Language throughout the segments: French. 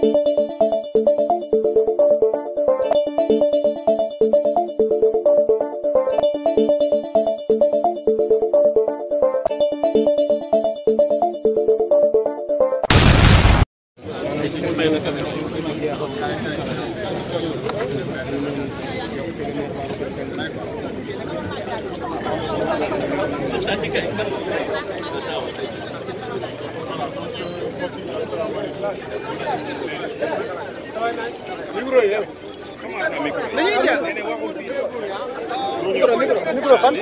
Thank you. micro fan.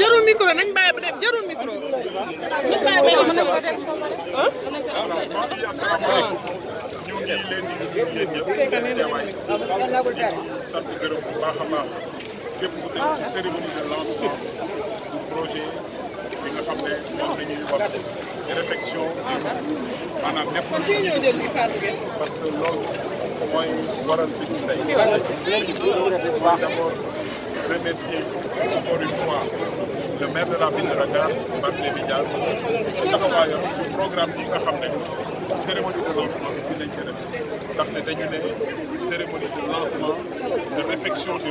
jarul micro nañ bàyyi ba dem jarul micro. ñu bàyyi ba dem mën na ko dem ñu ngi leen di nuyu yéen ñëpp seen teewaay di sant gërëm bu baax a baax képp ku nekk ci cérémonie de lancement du projet bi nga xam ne moom la ñuy wax réflexion maanaam lépp parce que loolu mooy waral bis bi tey d'abord Je remercier encore une fois le maire de la ville de Dakar Barthélémy Dias pour le programme bi nga xam cérémonie de lancement de fii lañ koy cérémonie de lancement de réfection du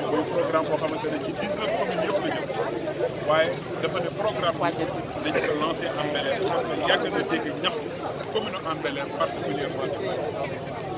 nouveau programme pour xamante ne ci 19 communes de dollars. jëm waaye programme qui dañu ko lancé en Bel-Air a que des dégâts, comme ñax en Bel-Air particulièrement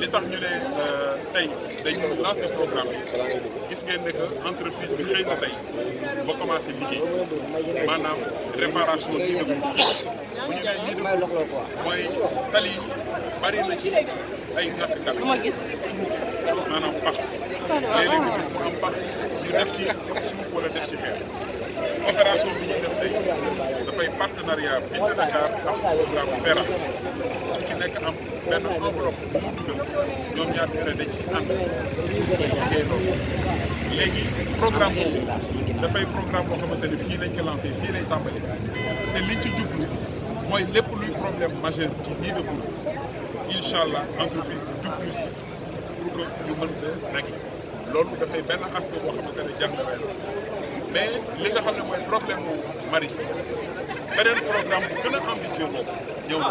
li tax ñu ne euh, tey dañu lancé programme gis ngeen ne que entreprise bi xëy tey ba commencé liggéey maanaam réparation lii dëkk bu ñu nee lii dëkk mooy tali bari na ci ay nattkat maanaam pax nga gis mu am pax ñu def bi partenariat ku ci nekk am benn enveloppe bu mu dugal ñoom ñaar ñu ne dañ ci ànd liggéey loolu léegi programme mooy lépp luy problème majeur ci nii de boobu li nga xam ne mooy problème mu maris beneen programme gën a ambitieux ñëw na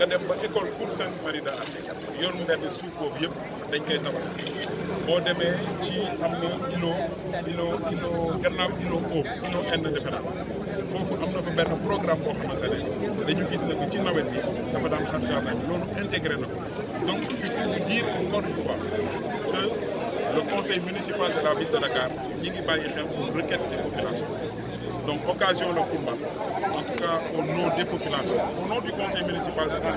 nga dem ba école Cour Sainte-Marie da am yoonu mbedd suuf boobu yëpp dañ koy tabax boo demee ci am na ilo ilo ilo gannaaw ilo boobu ilo inde defe naa foofu am na fa benn programme boo xamante ne dañu gis ko ci nawet bi dafa daan xar jardin loolu intégré na ko donc c'est pour dire encore une fois que le conseil municipal de la ville de Dakar ñi ngi bàyyi xel pour requête des populations donc, occasion le combat. En tout cas, au nom des populations, au nom du conseil municipal de la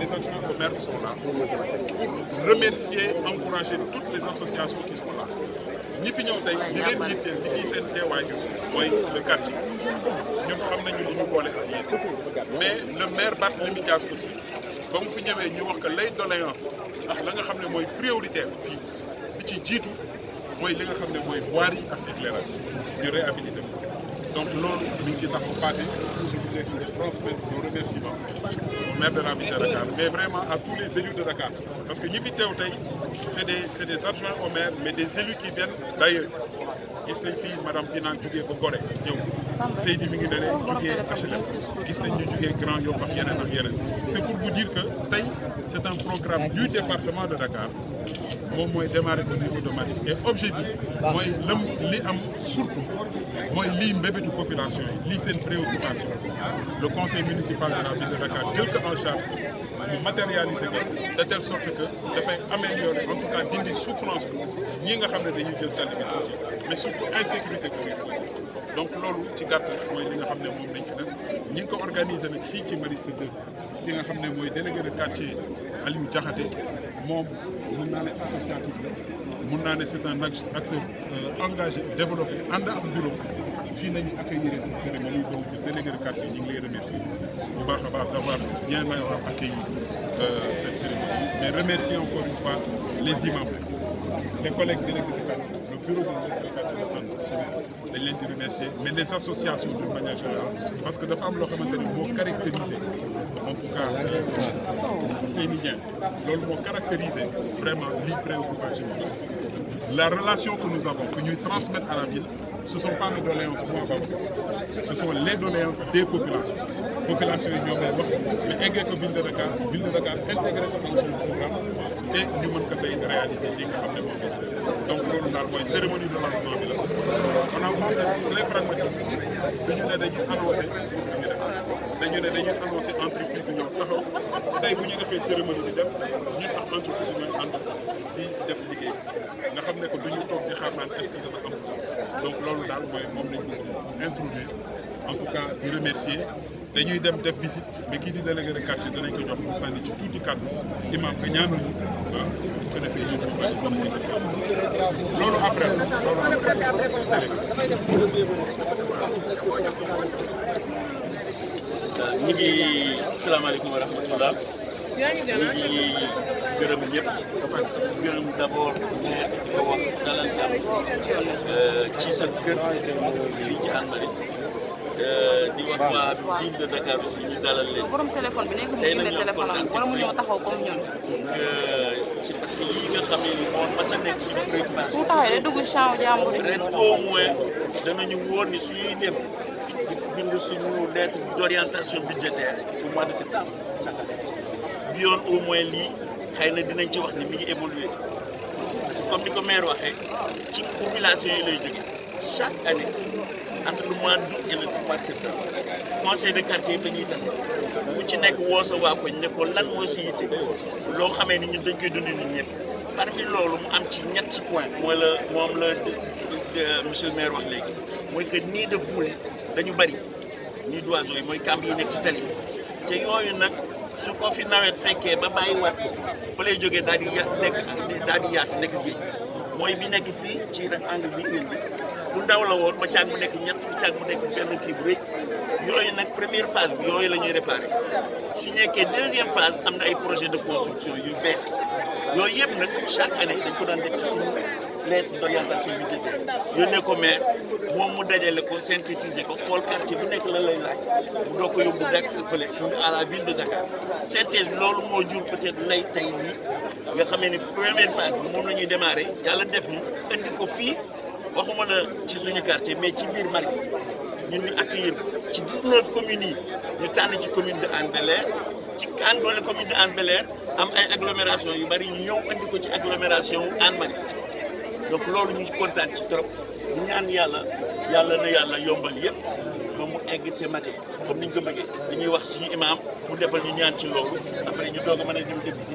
les actions de commerce sont là. Remercier, encourager toutes les associations qui sont là. ñi fi ñëw tey ñi ngeen ni ñi ciy seen le quartier Nous xam nous li mais le maire Barthélémy Dias aussi Comme vous fi nous ñu wax que lay doléance ndax la nga xam prioritaire fii une ci jiitu mooy li nga donc l'homme qui ngi ci accompagné je voudrais transmettre nos remerciements au maire de la ville de Dakar mais vraiment à tous les élus de Dakar parce que ñi fi c'est des des adjoints au maire mais des élus qui viennent d'ailleurs gis nañ Mme madame Binane jógee c'est mi ngi ne leen jugee HLM gis nañ ñu Grand yo ak yeneen ak c'est pour vous dire que tay c'est un programme du département de Dakar mom moy démarrer au niveau de Maristes et objectif moy li am surtout moy li mbébétu population li lii préoccupation le conseil municipal de la ville de Dakar jël en charge mu matérialiser ko de telle sorte que dafay améliorer en tout cas dindi souffrance ñi nga xam ne dañuy jël tali mais surtout insécurité donc lolu ci gàttal moy li nga xam mom lañ ko organisé nak fi ci Mariste 2 ki nga délégué de quartier Aliou Diakhaté mom mën na né associatif la mun c'est un acteur euh, engagé développé and ak bureau fi nañu accueillir cette cérémonie donc délégué de quartier nous ngi lay remercier bu baax baax d'avoir bien accueilli euh, cette cérémonie mais remercier encore une fois les imams les collègues délégués de quartier bureau dañ leen remercier mais les associations de manière générale parce que de femmes leur xamante ne caractérisé en tout cas seeni ñaan loolu moo caractérisé vraiment les préoccupations. la relation que nous avons que nous transmettre à la ville ce sont pas nos doléances moi Babacar ce sont les doléances des populations population yi mais eggee ko ville de Dakar ville de Dakar intégrées ko dans son programme te ñu mën ko tey réaliser li nga xam ne moom bi la on a fait di def liggéey nga xam ne que du toog di xaar naan est donc loolu daal mooy moom lañ bëgg introduire en di remercier dañuy dem def visite mais kii di délégué de quartier danañ ko jox mu sànni ci tuuti kàddu imam nga ñaanal ñu ah bu ko defee ñu ko bàyyi mën a jël loolu après loolu ñu ngi salaamaaleykum wa rahmatullah ñu ngi gërëm ñëpp gërëm d'abord maire di ko wax dalal jàmm euh, ci sa kër fii ci Hann Maristes Euh, di wax waa ville de Dakar aussi ñu dalal leen. borom téléphone bi nekkul mu génne téléphone am wala mu ñëw comme ñun. ci parce que nga xam ne nii moom suñu préoccupation. bind suñu lettre d'orientation budgétaire pour mois de bi yoon au moins lii xëy na dinañ ci wax ni mi évoluer parce comme ni ko maire waxee ci population yi lay jógee chaque année. entre le mois d'août et le mois de septembre conseil de quartier bi dañuy def ci nekk woo sa waa koñ ne ko lan moo si yitte loo xamee ni ñu dañ koy dund ñun ñëpp parmi loolu mu am ci ñetti point mooy la moom la monsieur le maire wax léegi mooy que nii de poule dañu bëri nii d'oiseaux yi mooy kàmb yi nekk ci tali te yooyu nag su ko fi nawet fekkee ba bàyyi waat ko fa lay jógee daal di ya nekk daal di yaatu nekk géej mooy bi nekk fii ci angle bi ngeen gis bu ndaw la woon ba caag mu nekk ñett bu caag mu nekk benn kii bu rëy yooyu nag première phase bi yooyu la ñuy réparé su nekkee deuxième phase am na ay projet de construction yu bees yooyu yëpp nag chaque année dañ ko daan def ci suñu lettre d'orientation yónnee ko maire moom mu dajale ko synthétiser ko xool quartier bu nekk la lay laaj bu doo ko yóbbu dak fële loolu moo jur peut-être lay tey nii nga xamee ni première phase bi moom la ñuy démarrer yàlla def ñu indi ko fii waxuma na ci suñu quartier mais ci biir Maristes ñun ak accueillir ci 19 communes yi ñu tànn ci commune de Hann Bel-Air ci Hann doole commune de Hann bel am ay agglomération yu bari ñu ñëw indi ko ci agglomération Hann Maristes donc loolu ñu kontaan ci trop ñu ñaan yàlla. yàlla na yàlla yombal yëpp ba mu egg te mate comme niñ ko bëggee dañuy wax suñu imaam mu defal ñu ñaan ci loolu après ñu doog a mën a dem jëm si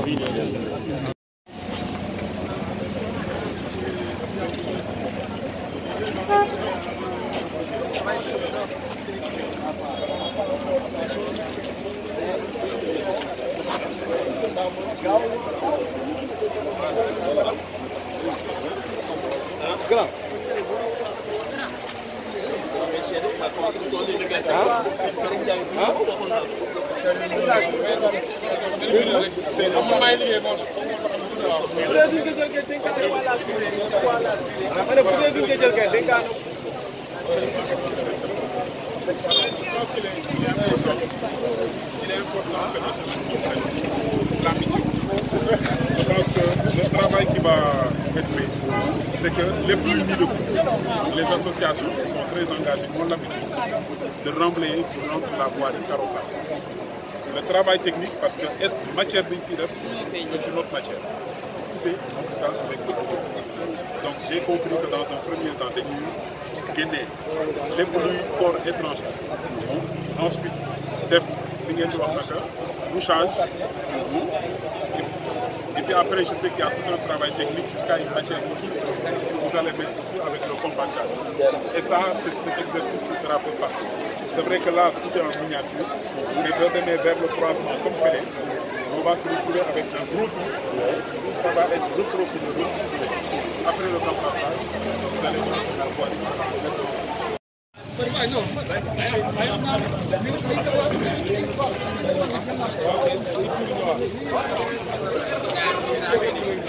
Marine. Je pense qu'il est important que la Je pense que le travail qui va être fait, c'est que les plus de les associations sont très engagées, ont l'habitude de remblayer pour rendre la voie de carrossage. Le travail technique, parce que être matière d'infidèle, c'est une autre matière. Couper, en tout cas, avec le Donc j'ai compris que dans un premier temps, des nuits, gainer les produits corps étrangers. Ensuite, def, bouchage, après, je sais qu'il y a tout le travail technique jusqu'à une matière vous allez mettre dessus avec le Et ça, c'est cet exercice qui sera fait C'est vrai que là, tout est en miniature, mais donner vers le croisement complet on va se retrouver avec un groupe, ça va être retrouvé. Après le grand vous allez voir la voie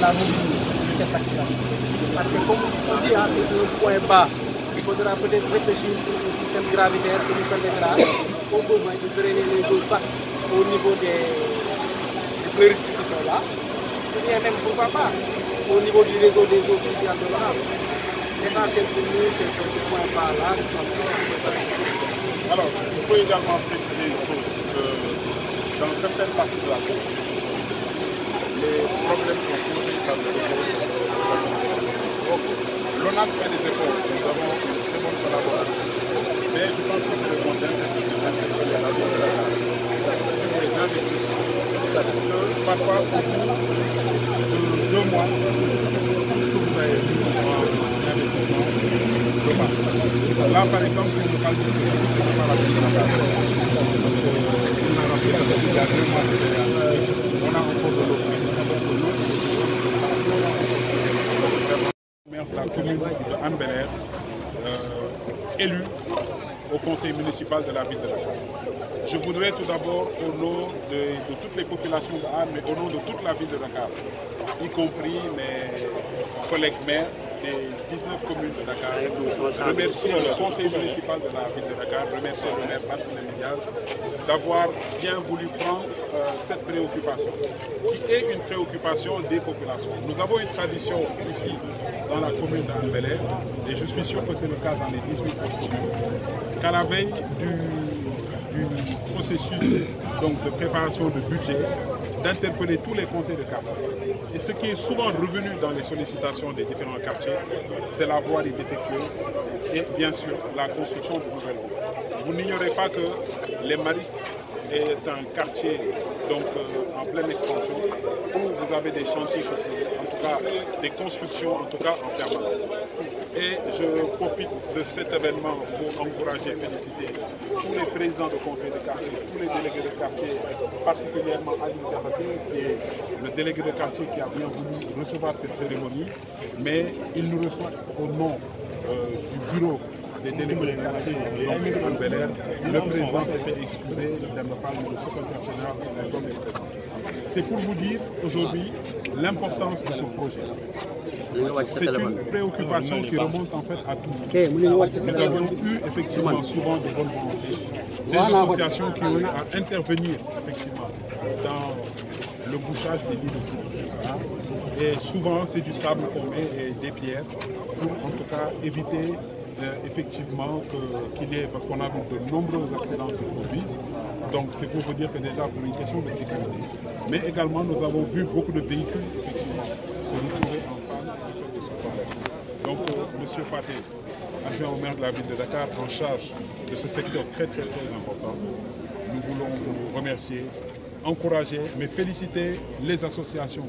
la de cet accident. Parce que comme on dit, hein, c'est un point bas. Il faudra peut-être réfléchir sur le système gravitaire qui nous permettra au besoin de drainer les eaux au niveau des, des qui sont là, ou bien même pourquoi pas au niveau du réseau des eaux qui vient de l'âme. c'est c'est que ce point bas-là, Alors, il faut également préciser une chose, que dans certaines parties de la ville, les problèmes sont posés par le Donc, l'ONAS fait des efforts, nous avons une très bonne collaboration. Mais je pense que c'est euh, le mondial de l'intégrer à la vie sur les investissements. Que parfois, au bout de deux mois, tout ce que vous avez vu en investissement global. Là, par exemple, si parle de vous calculez, c'est pas la vie de la Parce que nous avons fait la décision deux mois de de Anne euh, élu au conseil municipal de la ville de Dakar. Je voudrais tout d'abord, au nom de, toutes les populations de Anne, mais au nom de toute la ville de Dakar, y compris mes collègues maires, des 19 communes de Dakar. remercier le conseil municipal de la ville de Dakar, remercier le maire Patrick d'avoir bien voulu prendre euh, cette préoccupation, qui est une préoccupation des populations. Nous avons une tradition ici dans la commune d'Anne et je suis sûr que c'est le cas dans les 18 autres communes, qu'à la veille du, processus donc, de préparation de budget, d'interpeller tous les conseils de quartier. Et ce qui est souvent revenu dans les sollicitations des différents quartiers, c'est la voie des défectueuse et bien sûr la construction du nouvelles Vous n'ignorez pas que les Maristes est un quartier donc euh, en pleine expansion, où vous avez des chantiers aussi, en tout cas des constructions en tout cas en permanence. Et je profite de cet événement pour encourager et féliciter tous les présidents de conseil de quartier, tous les délégués de quartier, particulièrement Ali qui est le délégué de quartier qui a bien voulu recevoir cette cérémonie, mais il nous reçoit au nom euh, du bureau des le président s'est fait excuser, le secrétaire général comme le président. C'est pour vous dire aujourd'hui l'importance de ce projet. C'est une préoccupation qui remonte en fait à tous. Nous avons eu effectivement souvent de bonnes volontés, des associations qui ont eu à intervenir effectivement dans le bouchage des lits de Et souvent c'est du sable qu'on met et des pierres pour en tout cas éviter euh, effectivement qu'il y ait, parce qu'on a vu de nombreux accidents se produisent, donc c'est pour vous dire que déjà pour une question de sécurité. Mais également nous avons vu beaucoup de véhicules effectivement se retrouver en face fait de ce problème. Donc M. Euh, Monsieur Paté, adjoint au maire de la ville de Dakar, en charge de ce secteur très très très important, nous voulons vous remercier, encourager, mais féliciter les associations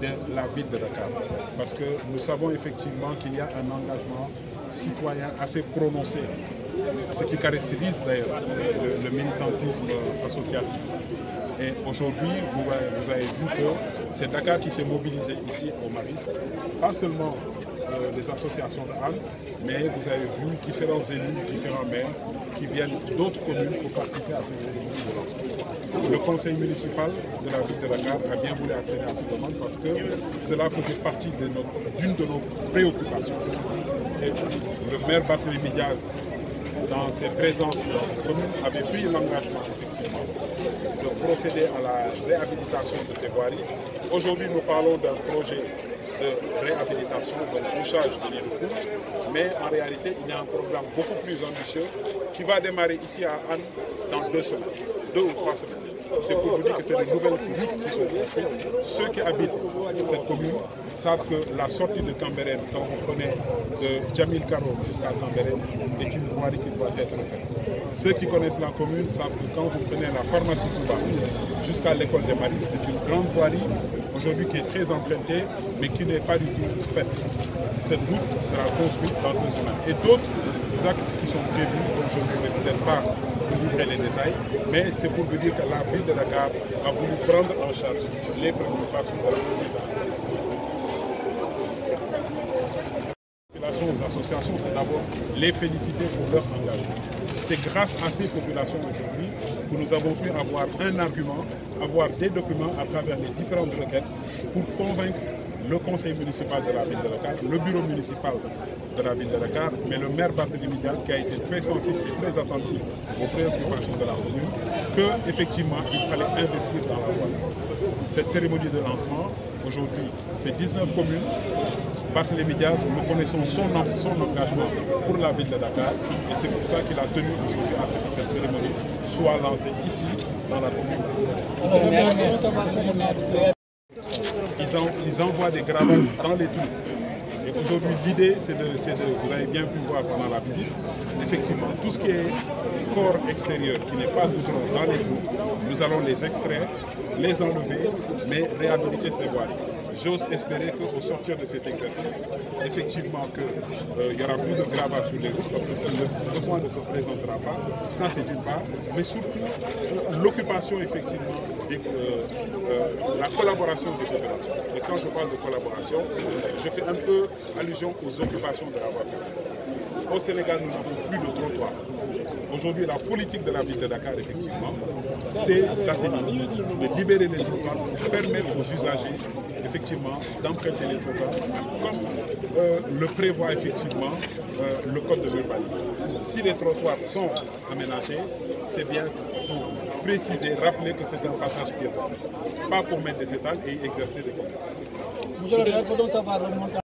de la ville de Dakar. Parce que nous savons effectivement qu'il y a un engagement citoyen assez prononcé, ce qui caractérise d'ailleurs le, militantisme associatif. Et aujourd'hui, vous, avez vu que c'est Dakar qui s'est mobilisé ici au Mariste, pas seulement des euh, associations de mais vous avez vu différents élus, différents maires qui viennent d'autres communes pour participer à cette demande. Le conseil municipal de la ville de Garde a bien voulu accéder à cette demande parce que cela faisait partie d'une de, nos préoccupations. le maire Barthélémy Diaz, dans ses présences dans cette commune, avait pris l'engagement effectivement de procéder à la réhabilitation de ces voiries. Aujourd'hui, nous parlons d'un projet euh, de réhabilitation, de bouchage de l'île Mais en réalité, il y a un programme beaucoup plus ambitieux qui va démarrer ici à Anne dans deux semaines, deux ou trois semaines. C'est pour vous dire que c'est des nouvelles public qui sont construites. Ceux qui habitent cette commune savent que la sortie de Cambérène, quand on connaît de Djamil Caro jusqu'à Cambérène, est une voirie qui doit être faite. Ceux qui connaissent la commune savent que quand vous prenez la pharmacie Touba jusqu'à l'école des Maris, c'est une grande voirie qui est très empruntée, mais qui n'est pas du tout faite. Cette route sera construite dans deux semaines. Et d'autres axes qui sont prévus, aujourd'hui, je ne vais peut-être pas vous livrer les détails, mais c'est pour vous dire que la ville de Dakar a voulu prendre en charge les préoccupations de la population. aux associations, c'est d'abord les féliciter pour leur engagement. C'est grâce à ces populations aujourd'hui que nous avons pu avoir un argument, avoir des documents à travers les différentes requêtes pour convaincre le conseil municipal de la ville de Dakar, le bureau municipal de la ville de Dakar, mais le maire Barthélémy Diaz qui a été très sensible et très attentif aux préoccupations de la commune, qu'effectivement il fallait investir dans la voie. Cette cérémonie de lancement, aujourd'hui, c'est 19 communes, Parc-les-Médias, nous connaissons son, son, engagement pour la ville de Dakar et c'est pour ça qu'il a tenu aujourd'hui à ce que cette cérémonie soit lancée ici, dans la commune. Ils, ils envoient des gravats dans les trous. Et aujourd'hui, l'idée, c'est de, de, vous avez bien pu voir pendant la visite, effectivement, tout ce qui est corps extérieur qui n'est pas dans les trous, nous allons les extraire, les enlever, mais réhabiliter ces voiles. J'ose espérer qu'au sortir de cet exercice, effectivement, qu'il euh, y aura plus de gravats sur les routes parce que le besoin ne se présentera pas, ça c'est d'une part, mais surtout l'occupation effectivement, euh, euh, la collaboration des coopérations. Et quand je parle de collaboration, je fais un peu allusion aux occupations de la voie Au Sénégal, nous n'avons plus de trottoir. Aujourd'hui, la politique de la ville de Dakar, effectivement, c'est d'assainir, de libérer les trottoirs, permettre aux usagers, effectivement, d'emprunter les trottoirs, comme euh, le prévoit, effectivement, euh, le code de l'urbanisme. Si les trottoirs sont aménagés, c'est bien pour préciser, rappeler que c'est un passage piéton, pas pour mettre des étals et exercer des commerces.